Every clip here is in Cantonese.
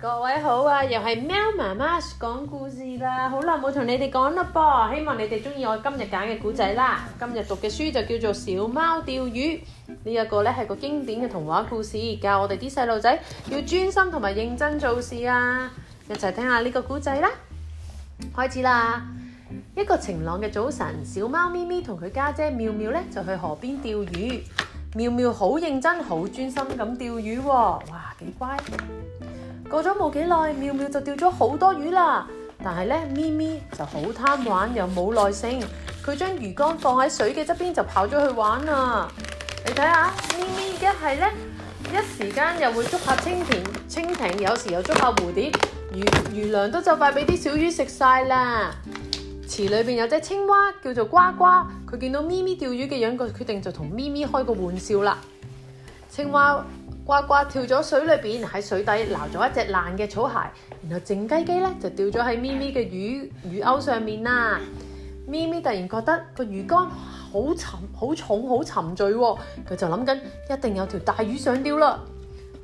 各位好啊！又係喵媽媽講故事啦，好耐冇同你哋講咯噃，希望你哋中意我今日揀嘅古仔啦。今日讀嘅書就叫做《小貓釣魚》這個、呢一個咧，係個經典嘅童話故事，教我哋啲細路仔要專心同埋認真做事啊！一齊聽一下呢個古仔啦，開始啦！一個晴朗嘅早晨，小貓咪咪同佢家姐妙妙咧就去河邊釣魚。妙妙好認真、好專心咁釣魚喎、啊，哇幾乖！過咗冇幾耐，妙妙就釣咗好多魚啦。但係咧，咪咪就好貪玩又冇耐性，佢將魚缸放喺水嘅側邊就跑咗去玩啦。你睇下，咪咪一係咧，一時間又會捉下蜻蜓，蜻蜓有時又捉下蝴蝶，魚魚糧都就快俾啲小魚食晒啦。池裏邊有隻青蛙叫做呱呱，佢見到咪咪釣魚嘅樣，佢決定就同咪咪開個玩笑啦。青蛙。呱呱跳咗水裏邊，喺水底撈咗一隻爛嘅草鞋，然後靜雞雞咧就掉咗喺咪咪嘅魚魚鈎上面啦。咪咪突然覺得個魚竿好沉好重好沉醉、啊，佢就諗緊一定有一條大魚上釣啦。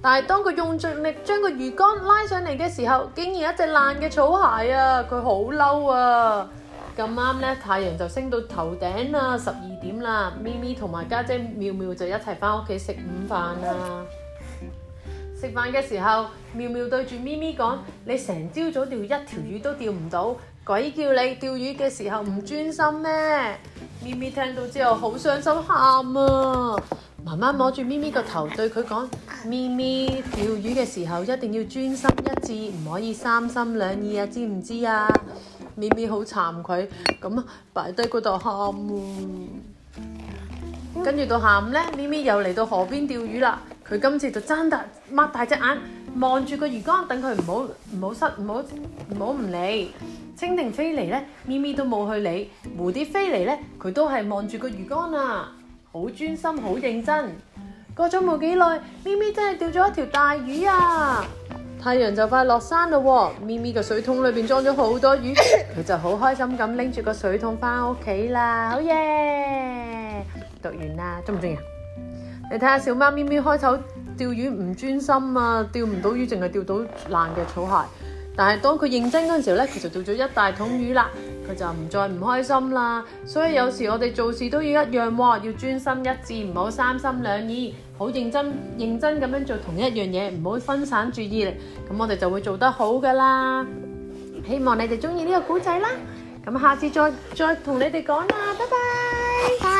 但係當佢用盡力將個魚竿拉上嚟嘅時候，竟然有一隻爛嘅草鞋啊！佢好嬲啊！咁啱咧太陽就升到頭頂啦，十二點啦。咪咪同埋家姐妙妙就一齊翻屋企食午飯啦。食飯嘅時候，妙妙對住咪咪講：你成朝早釣一條魚都釣唔到，鬼叫你釣魚嘅時候唔專心咩？咪咪聽到之後好傷心，喊啊！媽媽摸住咪咪個頭，對佢講：咪咪釣魚嘅時候一定要專心一致，唔可以三心兩意啊，知唔知啊？咪咪好慚愧，咁擺低嗰度喊。跟住到下午咧，咪咪又嚟到河邊釣魚啦。佢今次就睜大擘大隻眼望住個魚缸，等佢唔好唔好失唔好唔好唔理。蜻蜓飛嚟咧，咪咪都冇去理；蝴蝶飛嚟咧，佢都係望住個魚缸啊，好專心，好認真。過咗冇幾耐，咪咪真係釣咗一條大魚啊！太陽就快落山啦喎，咪咪個水桶裏邊裝咗好多魚，佢 就好開心咁拎住個水桶返屋企啦，好嘢！讀完啦，中唔中意？你睇下小貓咪咪開頭釣魚唔專心啊，釣唔到魚，淨係釣到爛嘅草鞋。但係當佢認真嗰陣時候咧，其實釣咗一大桶魚啦，佢就唔再唔開心啦。所以有時我哋做事都要一樣喎，要專心一致，唔好三心兩意，好認真認真咁樣做同一樣嘢，唔好分散注意力，咁我哋就會做得好噶啦。希望你哋中意呢個古仔啦，咁下次再再同你哋講啦，拜拜。